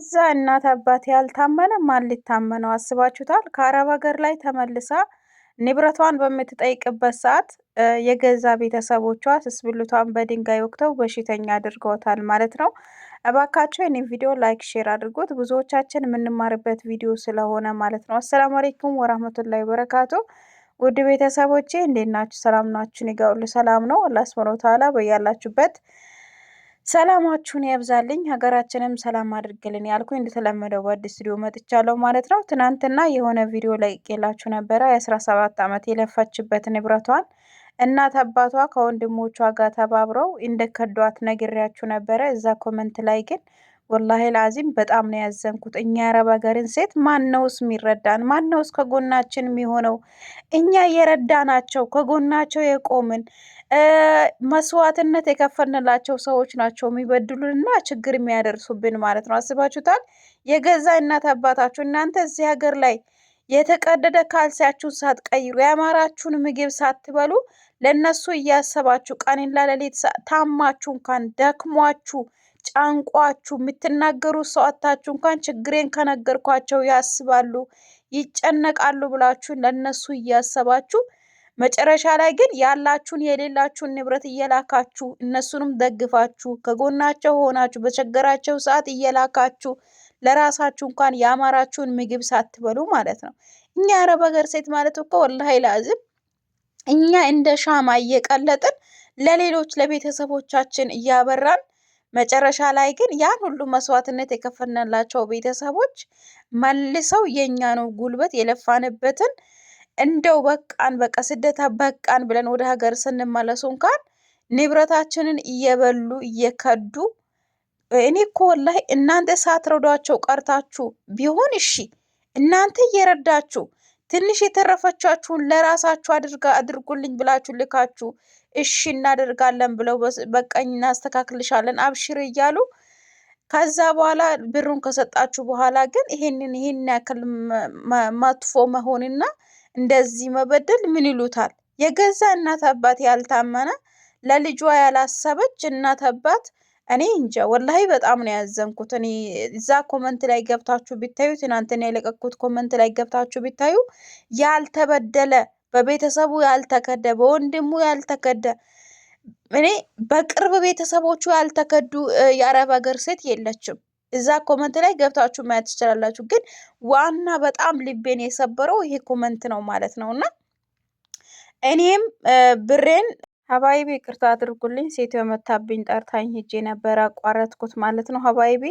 እዛ እናት አባት ያልታመነ ማን ሊታመነው አስባችሁታል? ከአረብ ሀገር ላይ ተመልሳ ንብረቷን በምትጠይቅበት ሰዓት የገዛ ቤተሰቦቿ ስስብሉቷን በድንጋይ ወቅተው በሽተኛ አድርገውታል ማለት ነው። እባካቸው የኔን ቪዲዮ ላይክ፣ ሼር አድርጉት ብዙዎቻችን የምንማርበት ቪዲዮ ስለሆነ ማለት ነው። አሰላሙ አሌይኩም ወራህመቱላሂ ወበረካቱ። ውድ ቤተሰቦቼ እንዴት ናችሁ? ሰላም ናችሁ? እኔ ሰላም ነው። አላህ ሱብሃነሁ በያላችሁበት ሰላማችሁን ያብዛልኝ፣ ሀገራችንም ሰላም አድርግልን ያልኩኝ እንደተለመደው በአዲስ ስቱዲዮ መጥቻለሁ ማለት ነው። ትናንትና የሆነ ቪዲዮ ለቅቄላችሁ ነበረ። የአስራ ሰባት ዓመት የለፈችበት ንብረቷን እናት አባቷ ከወንድሞቿ ጋር ተባብረው እንደከዷት ነግሬያችሁ ነበረ። እዛ ኮመንት ላይ ግን ወላሂ ለአዚም በጣም ነው ያዘንኩት። እኛ የአረብ ሀገርን ሴት ማነውስ የሚረዳን? ማነውስ ከጎናችን የሚሆነው? እኛ የረዳናቸው ከጎናቸው የቆምን መስዋዕትነት የከፈንላቸው ሰዎች ናቸው እና ችግር የሚያደርሱብን ማለት ነው። አስባችሁታል? የገዛ እናት አባታችሁ እናንተ እዚህ ሀገር ላይ የተቀደደ ካልሲያችሁን ሳትቀይሩ የአማራችሁን ምግብ ሳትበሉ ለእነሱ እያሰባችሁ ቀንና ሌሊት ታማችሁ እንኳን ደክሟችሁ ጫንቋችሁ የምትናገሩ ሰዋታችሁ እንኳን ችግሬን ከነገርኳቸው ያስባሉ፣ ይጨነቃሉ ብላችሁ ለእነሱ እያሰባችሁ መጨረሻ ላይ ግን ያላችሁን የሌላችሁን ንብረት እየላካችሁ እነሱንም ደግፋችሁ ከጎናቸው ሆናችሁ በቸገራቸው ሰዓት እየላካችሁ ለራሳችሁ እንኳን ያማራችሁን ምግብ ሳትበሉ ማለት ነው። እኛ አረብ ሀገር ሴት ማለት እኮ ወላሂ ላዚም እኛ እንደ ሻማ እየቀለጥን ለሌሎች ለቤተሰቦቻችን እያበራን መጨረሻ ላይ ግን ያን ሁሉ መስዋዕትነት የከፈልንላቸው ቤተሰቦች መልሰው ነው ጉልበት የለፋንበትን እንደው በቃን በቃ ስደታ በቃን ብለን ወደ ሀገር ስንመለሱ እንኳን ንብረታችንን እየበሉ እየከዱ እኔ እኮ ወላሂ እናንተ ሳትረዷቸው ቀርታችሁ ቢሆን እሺ፣ እናንተ እየረዳችሁ ትንሽ የተረፈቻችሁን ለራሳችሁ አድርጋ አድርጉልኝ ብላችሁ ልካችሁ እሺ እናደርጋለን ብለው በቀኝ እናስተካክልሻለን አብሽር እያሉ ከዛ በኋላ ብሩን ከሰጣችሁ በኋላ ግን ይሄንን ይሄን ያክል መጥፎ መሆንና እንደዚህ መበደል ምን ይሉታል? የገዛ እናት አባት ያልታመነ ለልጇ ያላሰበች እናት አባት እኔ እንጃ ወላሂ በጣም ነው ያዘንኩት። እኔ እዛ ኮመንት ላይ ገብታችሁ ቢታዩ ትናንትና የለቀኩት ኮመንት ላይ ገብታችሁ ቢታዩ ያልተበደለ በቤተሰቡ ያልተከደ በወንድሙ ያልተከደ እኔ በቅርብ ቤተሰቦቹ ያልተከዱ የአረብ ሀገር ሴት የለችም። እዛ ኮመንት ላይ ገብታችሁ ማየት ትችላላችሁ። ግን ዋና በጣም ልቤን የሰበረው ይሄ ኮመንት ነው ማለት ነው። እና እኔም ብሬን ሀባይቢ ቅርታ አድርጉልኝ፣ ሴት የመታብኝ ጠርታኝ ሄጄ ነበረ አቋረጥኩት ማለት ነው። ሀባይቢ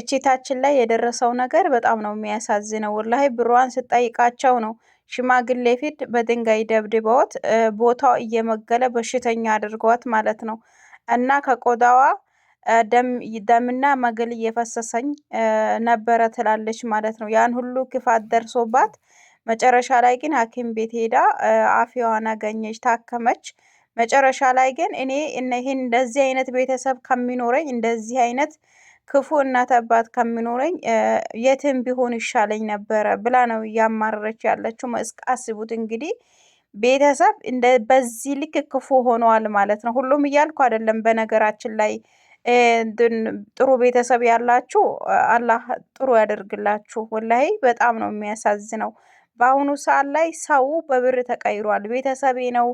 እቺታችን ላይ የደረሰው ነገር በጣም ነው የሚያሳዝነው። ወላሂ ብሯን ስጠይቃቸው ነው ሽማግሌ ፊት በድንጋይ ደብድበውት ቦታው እየመገለ በሽተኛ አድርገዋት ማለት ነው እና ከቆዳዋ ደምና መግል እየፈሰሰኝ ነበረ ትላለች ማለት ነው። ያን ሁሉ ክፋት ደርሶባት መጨረሻ ላይ ግን ሐኪም ቤት ሄዳ አፍያዋን አገኘች፣ ታከመች። መጨረሻ ላይ ግን እኔ ይህን እንደዚህ አይነት ቤተሰብ ከሚኖረኝ እንደዚህ አይነት ክፉ እናት አባት ከሚኖረኝ የትም ቢሆን ይሻለኝ ነበረ ብላ ነው እያማረረች ያለችው። አስቡት እንግዲህ ቤተሰብ በዚህ ልክ ክፉ ሆኗል ማለት ነው። ሁሉም እያልኩ አይደለም በነገራችን ላይ ጥሩ ቤተሰብ ያላችሁ አላህ ጥሩ ያደርግላችሁ። ወላሂ በጣም ነው የሚያሳዝነው። በአሁኑ ሰዓት ላይ ሰው በብር ተቀይሯል። ቤተሰቤ ነው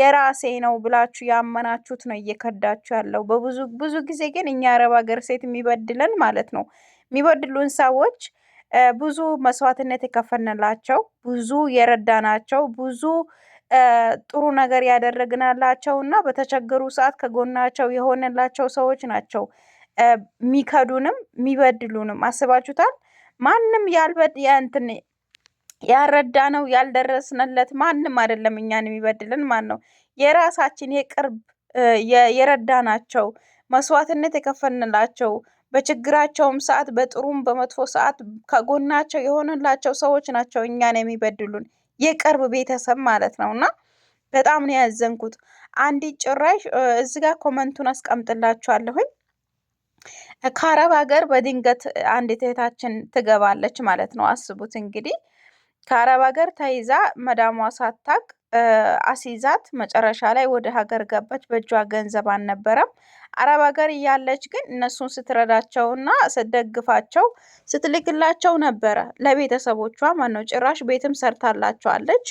የራሴ ነው ብላችሁ ያመናችሁት ነው እየከዳችሁ ያለው። በብዙ ብዙ ጊዜ ግን እኛ አረብ ሀገር ሴት የሚበድለን ማለት ነው የሚበድሉን ሰዎች ብዙ መስዋዕትነት የከፈንላቸው ብዙ የረዳናቸው ብዙ ጥሩ ነገር ያደረግናላቸው እና በተቸገሩ ሰዓት ከጎናቸው የሆነላቸው ሰዎች ናቸው። ሚከዱንም የሚበድሉንም አስባችሁታል። ማንም ያልበድ እንትን ነው ያልደረስንለት ማንም አይደለም እኛን የሚበድልን ማን ነው? የራሳችን የቅርብ የረዳናቸው መስዋዕትነት የከፈንላቸው በችግራቸውም ሰዓት በጥሩም በመጥፎ ሰዓት ከጎናቸው የሆነላቸው ሰዎች ናቸው እኛን የሚበድሉን። የቅርብ ቤተሰብ ማለት ነው። እና በጣም ነው ያዘንኩት። አንዲት ጭራሽ እዚህ ጋር ኮመንቱን አስቀምጥላችኋለሁኝ። ከአረብ ሀገር በድንገት አንዲት እህታችን ትገባለች ማለት ነው። አስቡት እንግዲህ ከአረብ ሀገር ተይዛ መዳሟ ሳታቅ አሲዛት መጨረሻ ላይ ወደ ሀገር ገባች። በእጇ ገንዘብ አልነበረም። አረብ ሀገር እያለች ግን እነሱን ስትረዳቸውና ስትደግፋቸው ስትልክላቸው ነበረ ለቤተሰቦቿ ማን ነው ጭራሽ ቤትም ሰርታላቸዋለች።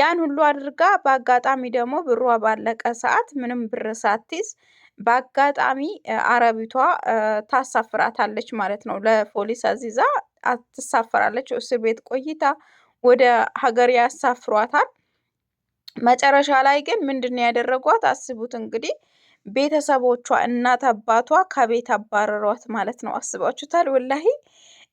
ያን ሁሉ አድርጋ በአጋጣሚ ደግሞ ብሯ ባለቀ ሰዓት ምንም ብር ሳትይዝ በአጋጣሚ አረቢቷ ታሳፍራታለች ማለት ነው። ለፖሊስ አዚዛ ትሳፈራለች። እስር ቤት ቆይታ ወደ ሀገር ያሳፍሯታል። መጨረሻ ላይ ግን ምንድን ነው ያደረጓት? አስቡት እንግዲህ ቤተሰቦቿ እናት አባቷ ከቤት አባረሯት ማለት ነው። አስባችሁታል? ወላሂ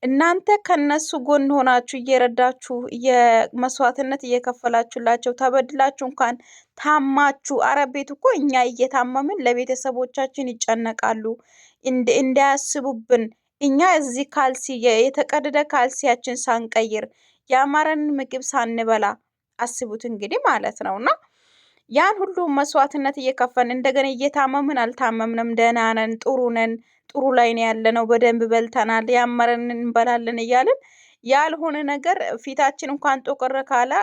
እናንተ ከነሱ ጎን ሆናችሁ እየረዳችሁ የመስዋዕትነት እየከፈላችሁላቸው ተበድላችሁ እንኳን ታማችሁ አረብ ቤት እኮ እኛ እየታመምን ለቤተሰቦቻችን ይጨነቃሉ እንዳያስቡብን እኛ እዚህ ካልሲ የተቀደደ ካልሲያችን ሳንቀይር የአማረን ምግብ ሳንበላ አስቡት እንግዲህ ማለት ነው እና ያን ሁሉ መስዋዕትነት እየከፈን እንደገና እየታመምን አልታመምንም፣ ደህና ነን፣ ጥሩ ነን፣ ጥሩ ላይ ነው ነው፣ በደንብ በልተናል፣ ያመረን እንበላለን እያልን ያልሆነ ነገር ፊታችን እንኳን ጦቅር ካላ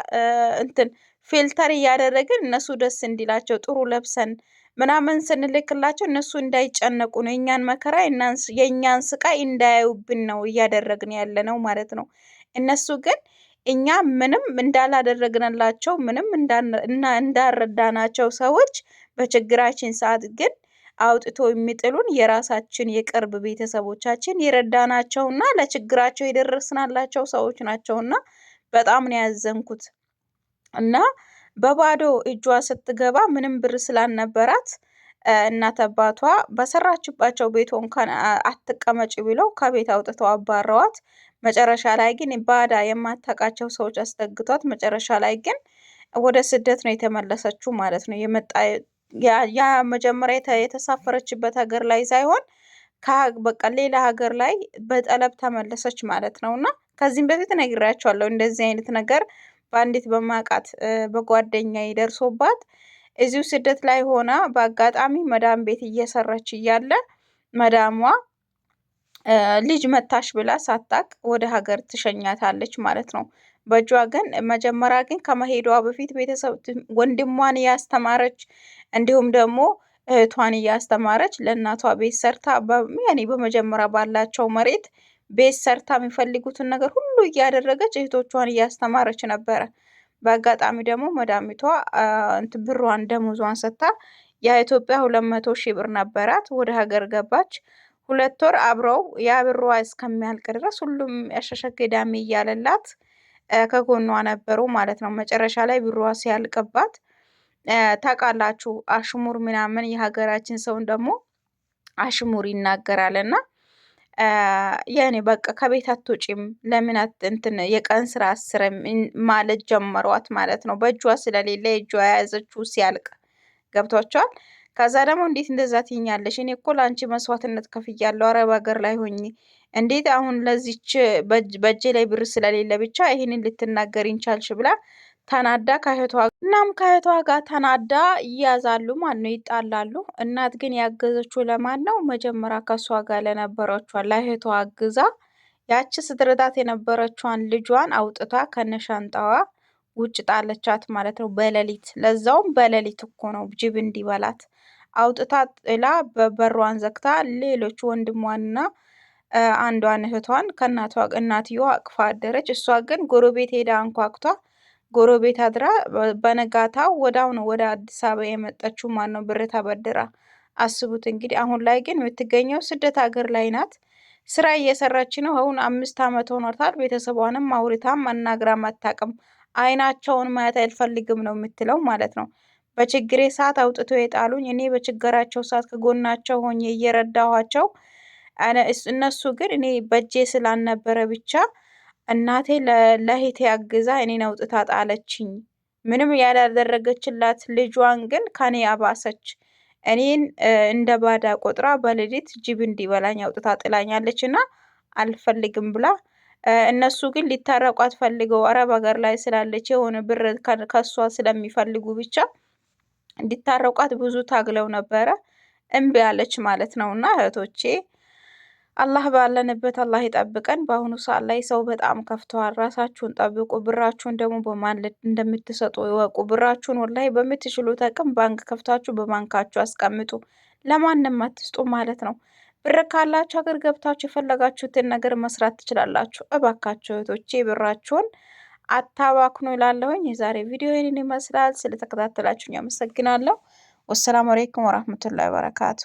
እንትን ፊልተር እያደረግን እነሱ ደስ እንዲላቸው ጥሩ ለብሰን ምናምን ስንልክላቸው እነሱ እንዳይጨነቁ ነው፣ የእኛን መከራ የእኛን ስቃይ እንዳያዩብን ነው እያደረግን ያለ ነው ማለት ነው። እነሱ ግን እኛ ምንም እንዳላደረግንላቸው ምንም እንዳረዳናቸው ሰዎች በችግራችን ሰዓት ግን አውጥቶ የሚጥሉን የራሳችን የቅርብ ቤተሰቦቻችን የረዳናቸውና ለችግራቸው የደረስናላቸው ሰዎች ናቸውና በጣም ነው ያዘንኩት። እና በባዶ እጇ ስትገባ ምንም ብር ስላልነበራት እናት አባቷ በሰራችባቸው ቤቷ እንኳን አትቀመጭ ብለው ከቤት አውጥተው አባረዋት። መጨረሻ ላይ ግን ባዳ የማታውቃቸው ሰዎች አስጠግቷት መጨረሻ ላይ ግን ወደ ስደት ነው የተመለሰችው ማለት ነው። የመጣ ያ መጀመሪያ የተሳፈረችበት ሀገር ላይ ሳይሆን በቃ ሌላ ሀገር ላይ በጠለብ ተመለሰች ማለት ነው። እና ከዚህም በፊት ነግራቸዋለሁ እንደዚህ አይነት ነገር በአንዲት በማቃት በጓደኛ ይደርሶባት እዚሁ ስደት ላይ ሆና በአጋጣሚ መዳም ቤት እየሰራች እያለ መዳሟ ልጅ መታሽ ብላ ሳታቅ ወደ ሀገር ትሸኛታለች ማለት ነው። በእጇ ግን መጀመሪያ ግን ከመሄዷ በፊት ቤተሰብ ወንድሟን እያስተማረች እንዲሁም ደግሞ እህቷን እያስተማረች ለእናቷ ቤት ሰርታ ያኔ በመጀመሪያ ባላቸው መሬት ቤት ሰርታ የሚፈልጉትን ነገር ሁሉ እያደረገች እህቶቿን እያስተማረች ነበረ። በአጋጣሚ ደግሞ መዳሚቷ ብሯን ደሞዟን ሰታ የኢትዮጵያ ሁለት መቶ ሺህ ብር ነበራት። ወደ ሀገር ገባች። ሁለት ወር አብረው የብሯ እስከሚያልቅ ድረስ ሁሉም ያሸሸ ገዳሜ እያለላት ከጎኗ ነበሩ ማለት ነው። መጨረሻ ላይ ብሯ ሲያልቅባት ታውቃላችሁ፣ አሽሙር ምናምን የሀገራችን ሰውን ደግሞ አሽሙር ይናገራል እና የኔ በቃ ከቤት አትወጪም ለምን እንትን የቀን ስራ አስረም ማለት ጀመሯት ማለት ነው። በእጇ ስለሌለ የእጇ የያዘችው ሲያልቅ ገብቷቸዋል። ከዛ ደግሞ እንዴት እንደዛ ትይኛለሽ? እኔ እኮ ለአንቺ መስዋዕትነት ከፍያለሁ አረብ ሀገር ላይ ሆኜ እንዴት አሁን ለዚች በእጄ ላይ ብር ስለሌለ ብቻ ይህንን ልትናገር እንቻልሽ? ብላ ተናዳ ከእህቷ እናም ከእህቷ ጋር ተናዳ እያዛሉ ማን ነው ይጣላሉ። እናት ግን ያገዘችው ለማን ነው? መጀመሪያ ከእሷ ጋር ለነበረችዋ ለእህቷ አግዛ ያቺ ስትረዳት የነበረችዋን ልጇን አውጥቷ ከነሻንጣዋ ውጭ ጣለቻት ማለት ነው። በሌሊት ለዛውም በሌሊት እኮ ነው ጅብ እንዲበላት አውጥታ ጥላ በበሯን ዘግታ ሌሎች ወንድሟንና አንዷን እህቷን ከእናቷ እናትየዋ አቅፋ አደረች። እሷ ግን ጎረቤት ሄዳ አንኳኩቷ ጎረቤት አድራ በነጋታው ወዳው ነው ወደ አዲስ አበባ የመጣችው ማን ነው ብር ተበድራ። አስቡት እንግዲህ አሁን ላይ ግን የምትገኘው ስደት ሀገር ላይ ናት። ስራ እየሰራች ነው። አሁን አምስት ዓመት ሆኗታል። ቤተሰቧንም አውርታም አናግራም አታውቅም። አይናቸውን ማየት አልፈልግም ነው የምትለው ማለት ነው። በችግሬ ሰዓት አውጥተው የጣሉኝ፣ እኔ በችግራቸው ሰዓት ከጎናቸው ሆኜ እየረዳኋቸው፣ እነሱ ግን እኔ በእጄ ስላልነበረ ብቻ እናቴ ለእህቴ አግዛ እኔን አውጥታ ጣለችኝ። ምንም ያላደረገችላት ልጇን ግን ከኔ አባሰች። እኔን እንደ ባዳ ቆጥራ በሌሊት ጅብ እንዲበላኝ አውጥታ ጥላኛለች እና አልፈልግም ብላ እነሱ ግን ሊታረቋት ፈልገው አረብ ሀገር ላይ ስላለች የሆነ ብር ከሷ ስለሚፈልጉ ብቻ እንዲታረቋት ብዙ ታግለው ነበረ። እምቢ ያለች ማለት ነው። እና እህቶቼ አላህ ባለንበት አላህ ይጠብቀን። በአሁኑ ሰዓት ላይ ሰው በጣም ከፍተዋል። ራሳችሁን ጠብቁ። ብራችሁን ደግሞ በማን እንደምትሰጡ ይወቁ። ብራችሁን ወላሂ በምትችሉት አቅም ባንክ ከፍታችሁ በባንካችሁ አስቀምጡ። ለማንም አትስጡ ማለት ነው። ብር ካላችሁ ሀገር ገብታችሁ የፈለጋችሁትን ነገር መስራት ትችላላችሁ። እባካችሁ እህቶቼ ብራችሁን አታባክኑ ይላለሁኝ። የዛሬ ቪዲዮ ይህንን ይመስላል። ስለተከታተላችሁኝ አመሰግናለሁ። ወሰላሙ አሌይኩም ወራህመቱላሂ ወበረካቱ።